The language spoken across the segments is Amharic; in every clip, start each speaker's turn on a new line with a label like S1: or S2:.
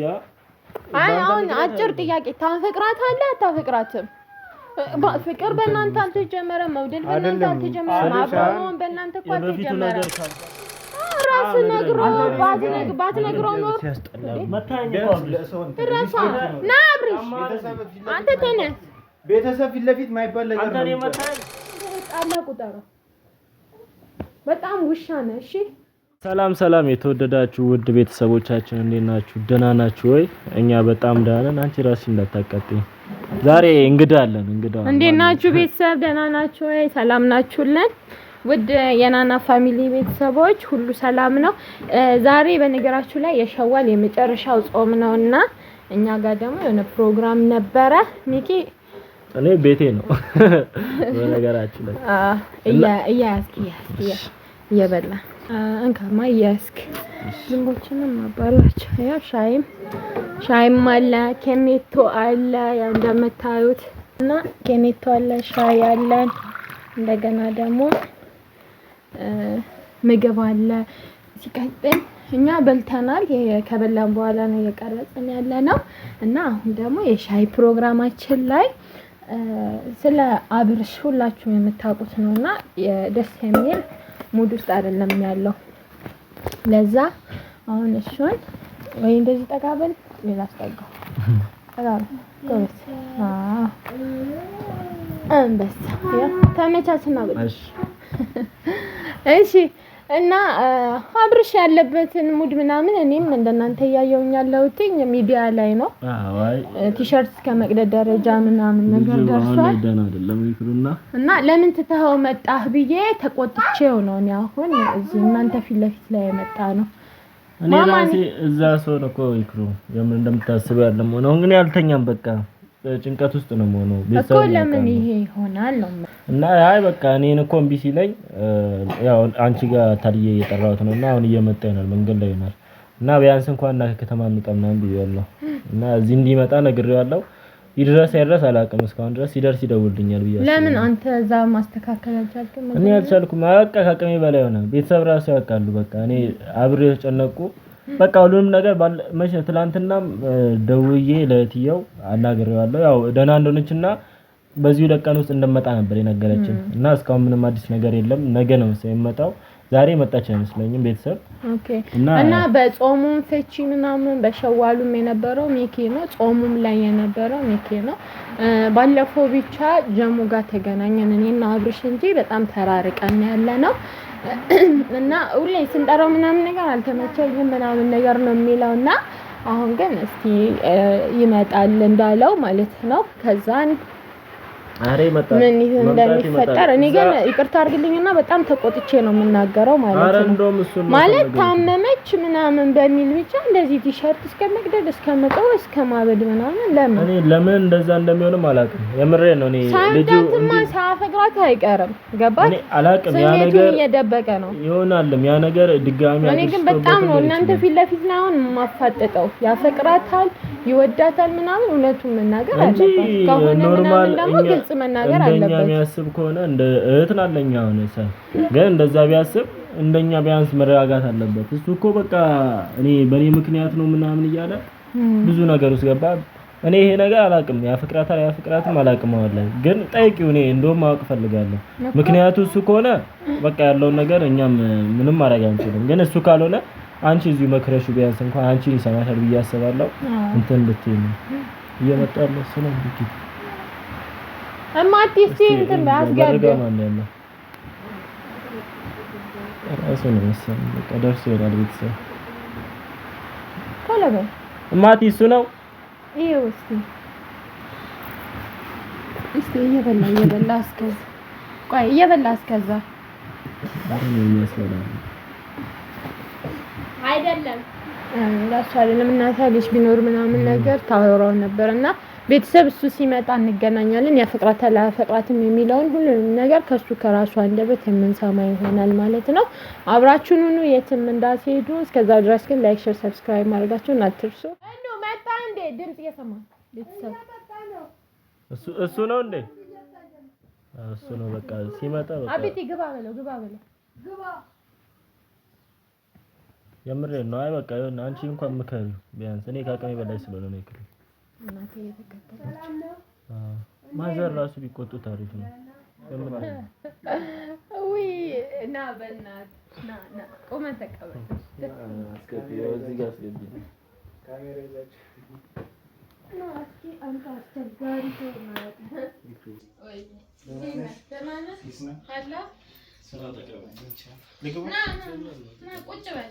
S1: እዚያ አሁን አጭር ጥያቄ ታፈቅራት አለ አታፈቅራትም? ፍቅር በእናንተ አልተጀመረም። መውደድ በእናንተ አልተጀመረም። አብሮን በእናንተ እኮ አልተጀመረም። ራስ ነግሮ ባትነግረው ኖር ና አብርሽ፣ አንተ
S2: ቤተሰብ ፊት ለፊት ማይባል ነገር
S1: ጣላ ቁጠረው። በጣም ውሻ ነህ። እሺ
S2: ሰላም ሰላም የተወደዳችሁ ውድ ቤተሰቦቻችን እንዴት ናችሁ? ደህና ናችሁ ወይ? እኛ በጣም ደህና ነን። አንቺ ራስሽ እንዳታቀጥኝ። ዛሬ እንግዳ አለን። እንግዳ
S1: እንዴት ናችሁ ቤተሰብ? ደህና ናችሁ ወይ? ሰላም ናችሁልን? ውድ የናና ፋሚሊ ቤተሰቦች ሁሉ ሰላም ነው። ዛሬ በነገራችሁ ላይ የሸዋል የመጨረሻው ጾም ነውና እኛ ጋር ደግሞ የሆነ ፕሮግራም ነበረ። ሚኪ
S2: እኔ ቤቴ ነው
S1: በነገራችሁ ላይ እያ እያ እየበላ እንካማ እያያስክ ዝንቦችንም አባላቸው። ያው ሻይም ሻይም አለ፣ ኬኔቶ አለ። ያው እንደምታዩት እና ኬኔቶ አለ፣ ሻይ አለን። እንደገና ደግሞ ምግብ አለ። ሲቀጥል እኛ በልተናል። ከበላን በኋላ ነው እየቀረጽን ያለ ነው እና አሁን ደግሞ የሻይ ፕሮግራማችን ላይ ስለ አብርሽ ሁላችሁም የምታውቁት ነው እና ደስ የሚል ሙድ ውስጥ አይደለም ያለው። ለዛ አሁን እሱን ወይ እንደዚህ ጠጋ በል ሌላ አስጠጋው። አንበሳ ተመቻችና እሺ እና አብርሽ ያለበትን ሙድ ምናምን እኔም እንደናንተ እያየሁኝ ያለሁትኝ ሚዲያ ላይ ነው። ቲሸርት እስከ መቅደድ ደረጃ ምናምን
S2: ነገር ደርሷል።
S1: እና ለምን ትተኸው መጣህ ብዬ ተቆጥቼው ነው እኔ አሁን እዚህ እናንተ ፊት ለፊት ላይ የመጣ ነው።
S2: እኔ ራሴ እዛ ሰው እኮ ይክሩ የምን እንደምታስበው ያለመሆነ ግን ያልተኛም በቃ ጭንቀት ውስጥ ነው የምሆነው
S1: እኮ። ለምን ይሄ ይሆናል ነው
S2: እና አይ በቃ እኔን እኮ እምቢ ሲለኝ ያው አንቺ ጋር ታድዬ እየጠራሁት ነው እና አሁን እየመጣ ይሆናል፣ መንገድ ላይ ይሆናል እና ቢያንስ እንኳን እና ከተማ እንውጣ ምናምን ብያለሁ እና እዚህ እንዲመጣ ነግሬዋለሁ። ይድረስ አይድረስ አላውቅም። እስካሁን ድረስ ሲደርስ ይደውልኛል
S1: ብያለሁ። ለምን አንተ እዛ ማስተካከል አልቻልክም?
S2: እኔ አልቻልኩም። በቃ ከአቅሜ በላይ ሆነ። ቤተሰብ ራሱ ያውቃሉ። በቃ እኔ አብሬ ተጨነቁ በቃ ሁሉንም ነገር መቼ ትላንትና ደውዬ ለእህትየው አናግሬዋለሁ ያው ደህና እንደሆነችና በዚህ ሁለት ቀን ውስጥ እንደመጣ ነበር የነገረችን እና እስካሁን ምንም አዲስ ነገር የለም። ነገ ነው መሰለኝ ዛሬ የመጣች አይመስለኝም ቤተሰብ
S1: እና በጾሙም ፍቺ ምናምን በሸዋሉም የነበረው ሚኪ ነው። ጾሙም ላይ የነበረው ሚኬ ነው። ባለፈው ብቻ ጀሙ ጋር ተገናኘን እኔና አብርሽ እንጂ በጣም ተራርቀን ያለ ነው እና ሁሌ ስንጠራው ምናምን ነገር አልተመቸኝም ምናምን ነገር ነው የሚለው እና አሁን ግን እስቲ ይመጣል እንዳለው ማለት ነው ከዛን ምን እንደሚፈጠር እኔ ግን ይቅርታ አድርግልኝና በጣም ተቆጥቼ ነው የምናገረው
S2: ማለት ነው።
S1: ማለት ታመመች ምናምን በሚል ብቻ እንደዚህ ቲሸርት እስከ መቅደድ እስከ መጠው እስከ ማበድ ምናምን ለምን
S2: እኔ ለምን እንደዛ እንደሚሆንም አላውቅም። የምሬ ነው። እኔ
S1: ልጁማ ሳፈግራት አይቀርም። ገባት። እኔ አላውቅም። ያ ነገር እየደበቀ ነው
S2: ይሆናልም ያ ነገር ድጋሚ።
S1: እኔ ግን በጣም ነው እናንተ ፊት ለፊት ላይ አሁን የማፋጠጠው ያፈቅራታል ይወዳታል ምናምን እውነቱን መናገር
S2: አለበት። ከሆነ ምናምን ደግሞ ግልጽ መናገር አለበት። እንደኛ ቢያስብ ከሆነ እንደ እህት ናለኛ ሆነ ግን እንደዛ ቢያስብ እንደኛ ቢያንስ መረጋጋት አለበት። እሱ እኮ በቃ እኔ በእኔ ምክንያት ነው ምናምን እያለ ብዙ ነገር ውስጥ ገባ። እኔ ይሄ ነገር አላቅም፣ ያፍቅራታል ያፍቅራትም አላቅም። ግን ጠይቂው፣ እኔ እንደውም ማወቅ ፈልጋለሁ። ምክንያቱ እሱ ከሆነ በቃ ያለውን ነገር እኛም ምንም ማድረግ አንችልም። ግን እሱ ካልሆነ አንቺ እዚሁ መክረሹ ቢያንስ እንኳን አንቺ ይሰማሻል ብዬ አስባለሁ። እንትን ልትይ ነው እየመጣለ ስለ እንግዲህ
S1: እማ ነው እማቲ እሱ ነው። እየበላ አስከዛ እየበላ አስከዛ አይደለም ራሱ አይደለም እናቷ ልጅ ቢኖር ምናምን ነገር ታወራው ነበር እና ቤተሰብ እሱ ሲመጣ እንገናኛለን ያፈቅራታል አያፈቅራትም የሚለውን ሁሉንም ነገር ከሱ ከራሱ አንደበት የምንሰማ ይሆናል ማለት ነው። አብራችሁን ሁኑ የትም እንዳትሄዱ። እስከዛ ድረስ ግን ላይክ፣ ሼር፣ ሰብስክራይብ ማድረጋችሁን አትርሱ። መጣ እንዴ ድምጽ እየሰማ ቤተሰብ
S2: እሱ እሱ ነው እንዴ እሱ ነው በቃ ሲመጣ
S1: በቃ አቤቴ ግባ በለው ግባ በለው ግባ
S2: የምሬ ነው። አይ በቃ ይሁን፣ አንቺ እንኳን ምከሪው ቢያንስ እኔ ከአቅሜ በላይ ስለሆነ ነው እናቴ ማዘር ራሱ ቢቆጡ ታሪፍ ነው።
S1: ውይ እና በእናት ና ና ቆመን ተቀበል። ጋር ቁጭ በል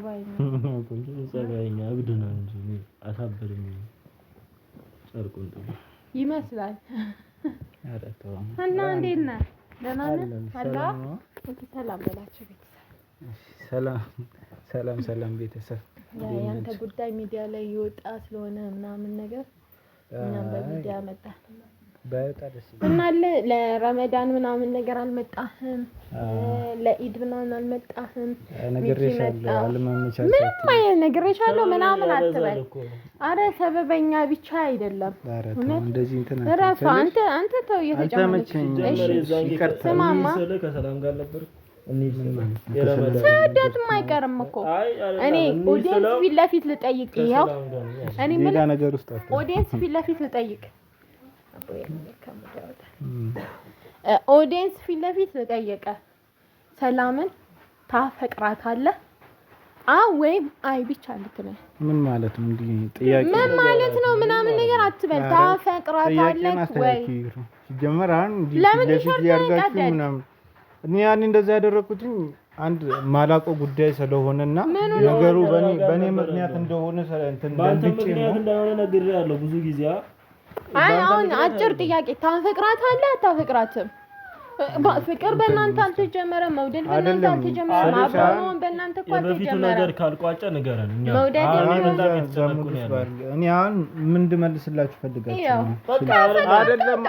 S1: ጸባይኛ
S2: ጸባይኛ እብድ ነው እንጂ አሳብርም ጨርቁን
S1: ይመስላል። እና እንዴት ነህ? ደህና ነህ? ሰላም በላቸው ቤተሰብ።
S2: ሰላም ሰላም ቤተሰብ።
S1: ያንተ ጉዳይ ሚዲያ ላይ ይወጣ ስለሆነ ምናምን ነገር እኛም በሚዲያ መጣ እና አለ ለረመዳን ምናምን ነገር አልመጣህም፣ ለኢድ ምናምን አልመጣህም።
S2: ምንም
S1: አይነት ነግሬሻለሁ ምናምን አትበል። አረ ሰበበኛ ብቻ አይደለም። እረፍ አንተ አንተ ተው እየተጫመች ስማማ ሰዳትም አይቀርም እኮ እኔ ኦዲየንስ ፊት ለፊት ልጠይቅ። ይኸው እኔ ምን ኦዲየንስ ፊት ለፊት ልጠይቅ ኦዲየንስ ፊት ለፊት ተጠየቀ። ሰላምን ታፈቅራታለህ? አዎ ወይም አይ ብቻ ልትበል።
S2: ምን ማለት ነው?
S1: ጥያቄ ምን ማለት ነው? ምናምን ነገር አትበል። ታፈቅራታለህ ወይ?
S2: ሲጀመር አሁን
S1: ለምን ያርጋችሁ
S2: ምናምን እኔ ያን እንደዛ ያደረኩትኝ አንድ ማላቆ ጉዳይ ስለሆነና ነገሩ በእኔ ምክንያት እንደሆነ እንትን ደንግጬ ነው። ብዙ ጊዜ
S1: አይ አሁን አጭር ጥያቄ ታፈቅራት አለ አታፈቅራትም? ፍቅር በእናንተ አልተጀመረ፣ መውደድ በእናንተ አልተጀመረ፣ ማባውን በእናንተ እኮ አልተጀመረ። ነገር
S2: ካልቋጨ ንገረን። እኛ እኔ አሁን ምን እንድመልስላችሁ ፈልጋችሁ
S1: አይደለም።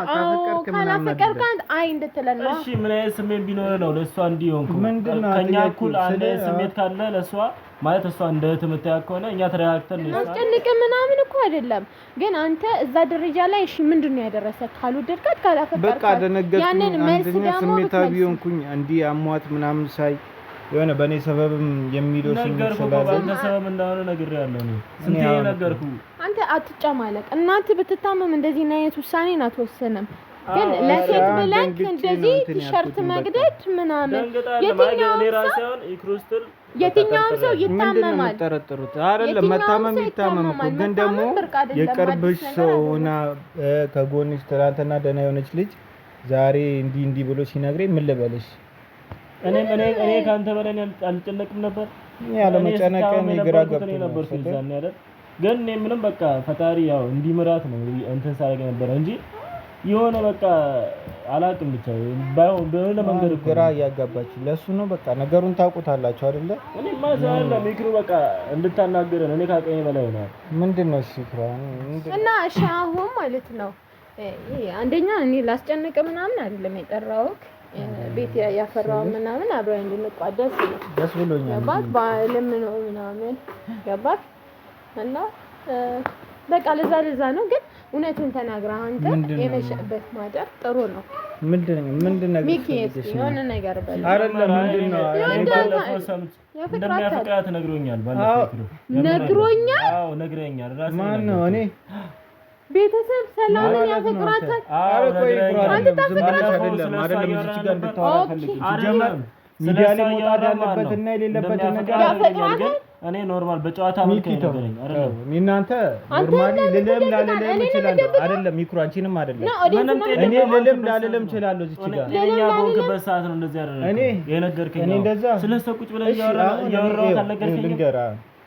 S1: ካላፈቀርክ አይ እንድትለን
S2: ነው። እሺ ምን አይነት ስሜት ቢኖር ነው ለእሷ እንዲሆን ምንድን ነው ከእኛ እኩል አንድ ስሜት ካለ ለእሷ ማለት እሷ እንደ ትምህርት ያህል ከሆነ እኛ ተረጋግተን
S1: ነው አስጨንቅ ምናምን እኮ አይደለም። ግን አንተ እዛ ደረጃ ላይ እሺ፣ ምንድን ነው ያደረሰ? ካልወደድካት፣ ካላፈቀርካት
S2: በቃ ደነገጥኩኝ። ያንን መልስ ደግሞ ስሜታዊ ሆንኩኝ። እንዲህ አሟት ምናምን ሳይ የሆነ በእኔ ሰበብም የሚለው ነገር በአንተ ሰበብ እንደሆነ ነው ስንቴ ነገርኩ።
S1: አንተ አትጨማለቅ። እናት ብትታመም እንደዚህ አይነት ውሳኔ አትወሰንም። ግን ለሴት ብለክ እንደዚህ ቲሸርት መግደድ ምናምን የትኛው ሰው የትኛውም ሰው ይታመማል።
S2: ጠረጥሩት አይደለም መታመም ይታመማል። ግን ደግሞ የቅርብሽ ሰው ሆና ከጎንሽ ትናንትና ደህና የሆነች ልጅ ዛሬ እንዲህ እንዲህ ብሎ ሲነግረኝ ምን ልበልሽ? እኔ እኔ እኔ ካንተ በላይ አልጨነቅም ነበር። ያለ መጨነቅ እኔ ግራ ገብቶ ነበር ሲዛኔ አይደል? ግን እኔ ምንም በቃ ፈጣሪ ያው እንዲምራት ነው እንትን ሳደርግ ነበር እንጂ የሆነ በቃ አላውቅም ብቻ ባይሆን በሆነ መንገድ እኮ ግራ እያጋባች ለሱ ነው። በቃ ነገሩን ታውቁታላችሁ አይደለ? እኔ ማዛለ ሚክሩ በቃ እንድታናገረን እኔ ካቀኝ በላይ ነው። ምንድን ነው እሺ?
S1: እና እሺ አሁን ማለት ነው አንደኛ እኔ ላስጨነቀ ምናምን አይደለም የጠራሁት ቤት ያፈራው ምናምን አብረን እንድንቋደስ ደስ ብሎኛል። ገባክ? ባለም ነው ምናምን ገባክ እና በቃ ለዛ ለዛ ነው። ግን እውነቱን ተናግራ አንተ የመሸበት ማደር ጥሩ ነው። ምንድን ነው ሚኪ ነገር ምንድን ነግሮኛል፣ ነግሮኛል።
S2: አዎ ራሱ ማን ነው እኔ
S1: ቤተሰብ ሰላምን ያፈቅራታል።
S2: አንተ ሚዲያ ላይ መውጣት ያለበትና የሌለበትን ነገር ያፈቅራታል እኔ ኖርማል በጨዋታ መልክ ነገረኝ። አይደለም እናንተ ኖርማሊ ልልም ላልልም እችላለሁ። አይደለም ይኩራ አንቺንም አይደለም እኔ ልልም ላልልም እችላለሁ። እዚህ ጋር ለኛ በሆንክበት ሰዓት ነው እንደዚህ አይደለም እኔ የነገርከኝ። ስለ እሱ ቁጭ ብለን እያወራሁ ካልነገርከኝ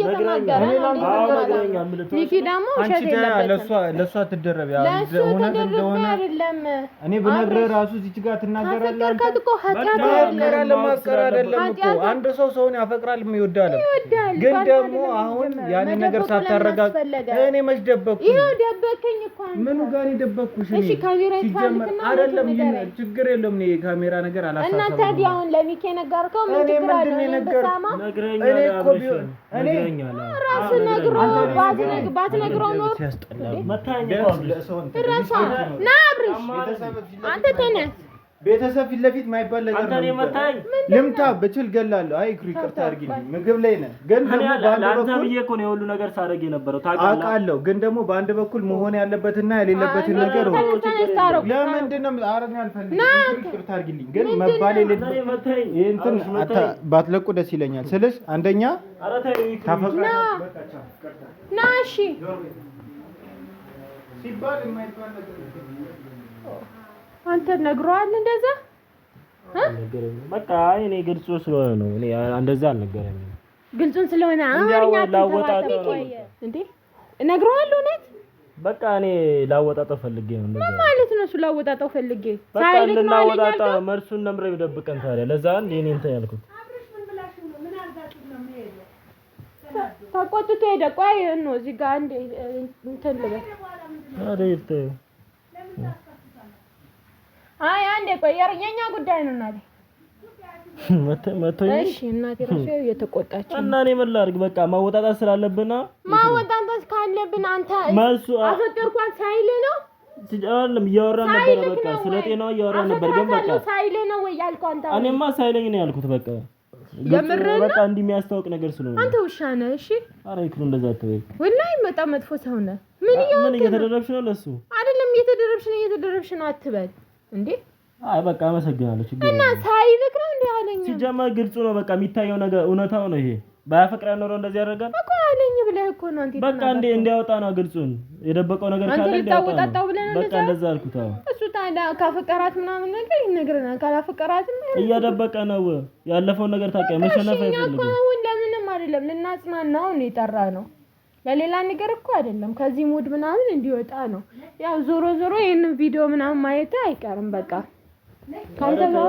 S1: እየተናገረ ነው። ሚኪ
S2: ደግሞ አንድ ሰው ሰውን ያፈቅራል ይወዳል። ግን ደግሞ አሁን ያንን ነገር ሳታረጋግ እኔ መች ደበኩ?
S1: ይኸው ደበከኝ እኮ
S2: ምኑ ጋር የደበኩሽ? ሲጀመር አይደለም ችግር የለም። እኔ የካሜራ ነገር
S1: አላሳሰብም እና ታዲያ አሁን ለሚኪ የነገርከው ምን ችግር አለው? እኔ ምንድን ነው የነገርኩህ? እኔ እኮ ቢሆን እኔ ይነግረኛል። ራስ ነግሮ ባትነግሮ ኖር ራሷ ና አብርሽ አንተ ተነስ
S2: ቤተሰብ ፊት ለፊት ማይባል
S1: ነገር ነው።
S2: ልምታ ብችል ገላለሁ። አይ ክሪ ቅርታ አድርጊልኝ። ምግብ ላይ ነህ፣ ግን ደግሞ ለአንተ ብዬ እኮ ነው የሁሉ ነገር ሳደርግ የነበረው አውቃለሁ። ግን ደግሞ በአንድ በኩል መሆን ያለበትና የሌለበትን ነገር ነው። ለምንድን ነው አረን
S1: አልፈልግም። ቅርታ
S2: አድርጊልኝ። ግን መባል እንትን ባትለቁ ደስ ይለኛል ስልሽ አንደኛ
S1: ታፈቅራ እሺ ሲባል የማይባል ነገር አንተ ነግሯል እንደዛ
S2: በቃ እኔ ግልጹ ስለሆነ ነው። እኔ እንደዛ አልነገረኝም።
S1: ግልጹን ስለሆነ አማርኛ አትተባጠቂ እንዴ እነግረዋለሁ። እውነት
S2: በቃ እኔ ላወጣጠው ፈልጌ ነው።
S1: ምን ማለት ነው እሱ? ላወጣጠው ፈልጌ
S2: በቃ እንድናወጣጣ መርሱን ነምረ ይደብቀን። ታዲያ ለዛ እንዴ እኔ እንትን ያልኩት
S1: ተቆጥቶ ሄደ። ቆይ ነው እዚህ ጋር እንዴ እንትን ልበል አይደል አይ አንዴ ቆይ፣ የኛ ጉዳይ ነው እናቴ መተ መተ እሺ፣ እናቴ ራሱ እየተቆጣች
S2: እና እኔ ምን ላድርግ? በቃ ማወጣጣት ስላለብና
S1: ማወጣጣት ካለብን አንተ አፈጠርኳት ሳይል ነው
S2: አይደለም እያወራን ነበር። በቃ ስለ ጤናዋ እያወራን
S1: ነበር። ግን በቃ ሳይል ነው ወይ ያልከው አንተ?
S2: እኔማ ሳይለኝ ነው ያልኩት። በቃ የምሬን በቃ እንዲህ የሚያስታውቅ ነገር ስለሆነ
S1: አንተ ውሻ ነህ። እሺ፣
S2: ኧረ ይክሩ እንደዛ አትበይ።
S1: ወላሂ በጣም መጥፎ ሰው ነህ። ምን እያወራህ
S2: ምን እየተደረብሽ ነው? ለሱ
S1: አይደለም እየተደረብሽ ነው፣ እየተደረብሽ ነው አትበል እንዴ?
S2: አይ በቃ አመሰግናለሁ።
S1: ችግር እና ሳይልክ ነው እንዴ አለኝ።
S2: ሲጀመር ግልጹ ነው። በቃ የሚታየው ነገር እውነታው ነው። ይሄ ባያፈቅራ ኖሮ እንደዚህ ያደርጋል
S1: እኮ አለኝ ብለህ እኮ ነው
S2: እንዴ? በቃ እንዴ እንዲያወጣ ነው ግልጹን። የደበቀው ነገር
S1: ካለ እንዲያወጣው ነው።
S2: በቃ እንደዛ አልኩት። አዎ
S1: እሱ ታዲያ ካፈቀራት ምናምን ነገር ይነግረናል። ካላፈቀራትም
S2: እያደበቀ ነው ያለፈውን ነገር ታውቂያለሽ።
S1: መሸነፍ አይፈልግም። ለምንም አይደለም። ልናጽናናው ነው የጠራ ነው ለሌላ ነገር እኮ አይደለም። ከዚህ ሙድ ምናምን እንዲወጣ ነው። ያው ዞሮ ዞሮ ይሄንን ቪዲዮ ምናምን ማየት አይቀርም። በቃ ካንተ ጋር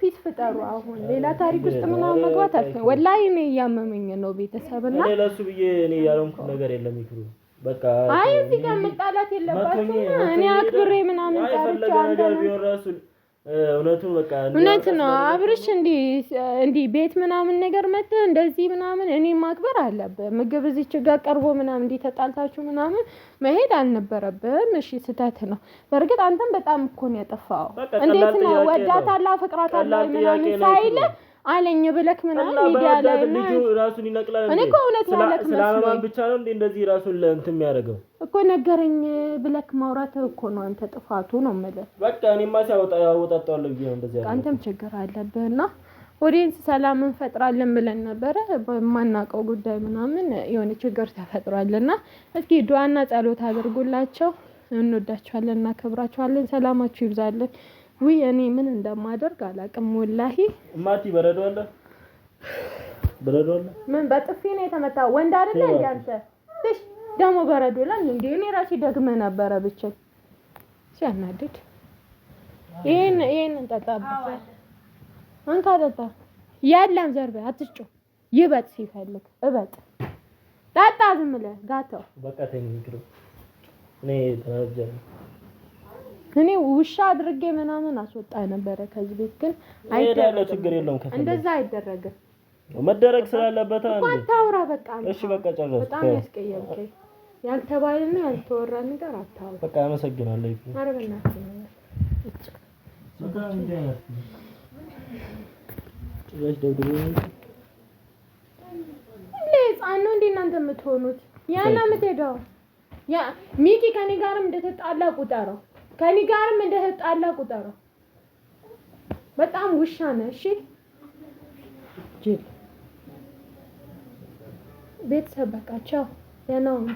S1: ፒስ ፍጠሩ። አሁን ሌላ ታሪክ ውስጥ ምናምን መግባት አልፈኝ። ወላሂ እኔ እያመመኝ ነው ቤተሰብና
S2: እኔ ለሱ ብዬ እኔ ያለምኩት ነገር የለም ይክሩ በቃ
S1: አይ እዚህ ጋር መጣላት የለባችሁም። እኔ አክብሬ ምናምን ነው እውነቱን በቃ እውነት ነው አብርሽ። እንዲህ ቤት ምናምን ነገር መተህ እንደዚህ ምናምን እኔ ማክበር አለብህ። ምግብ እዚች ጋር ቀርቦ ምናምን እንዲህ ተጣልታችሁ ምናምን መሄድ አልነበረብህም። እሺ ስህተት ነው። በእርግጥ አንተም በጣም እኮ ነው ያጠፋኸው። እንዴት ነው ወዳታለህ፣ አፈቅራታለህ ምናምን ሳይልህ አለኝ ብለክ ምን
S2: ሚዲያ ላይ ልጁ ራሱን ይነቅላል። እኔ እኮ እውነት ያለክ ስለአማን ብቻ ነው እንዴ እንደዚህ ራሱን ለእንት የሚያደርገው
S1: እኮ ነገረኝ ብለክ ማውራት እኮ ነው አንተ ጥፋቱ ነው የምልህ።
S2: በቃ እኔማ ሲያወጣ ያወጣጣለሁ ብዬ ነው
S1: እንደዚህ። አንተም ችግር አለብህና ኦዲየንስ ሰላም እንፈጥራለን ብለን ነበረ። በማናውቀው ጉዳይ ምናምን የሆነ ችግር ተፈጥሯልና እስኪ ዱዓና ጸሎት አድርጉላቸው። እንወዳችኋለን፣ እናከብራችኋለን። ሰላማችሁ ይብዛለን። ውይ እኔ ምን እንደማደርግ አላውቅም። ወላሂ
S2: እማቲ በረዶ አለ በረዶ አለ።
S1: ምን በጥፊ ነው የተመታ ወንድ አይደለ እንዴ አንተ? እሺ ደግሞ በረዶ ላይ እንዴ እኔ ራሴ ደግመ ነበረ ብቻ ሲያናድድ። ይሄን ይሄን እንጠጣበት። አንተ ጠጣ ያለም ዘርበ አትጮ ይበጥ ሲፈልግ እበጥ ጠጣ ዝም ብለህ ጋተው
S2: በቃ ተኝ እኔ ተናጀኝ።
S1: እኔ ውሻ አድርጌ ምናምን አስወጣ ነበረ ከዚህ ቤት ግን
S2: አይደለም፣ ችግር የለውም።
S1: ከፈለግህ እንደዛ አይደረግም።
S2: መደረግ ስላለበት አንዴ
S1: አታውራ። በቃ እሺ፣ በቃ ጨረስኩ። በጣም ያስቀየምከኝ፣ ያልተባለና ያልተወራ ነገር አታውራ።
S2: በቃ አመሰግናለሁ። ይሄ ኧረ በእናትህ ጭራሽ
S1: ደብድቦኝ ህፃን ነው እንደ እናንተ የምትሆኑት። ያና የምትሄደው ያ ሚኪ ከኔ ጋርም እንደተጣላ ቁጠረው። ከኔ ጋርም እንደተጣላ ቁጠረው። በጣም ውሻ ነህ። እሺ ጅል ቤተሰብ በቃቸው። ደህና ሁኑ።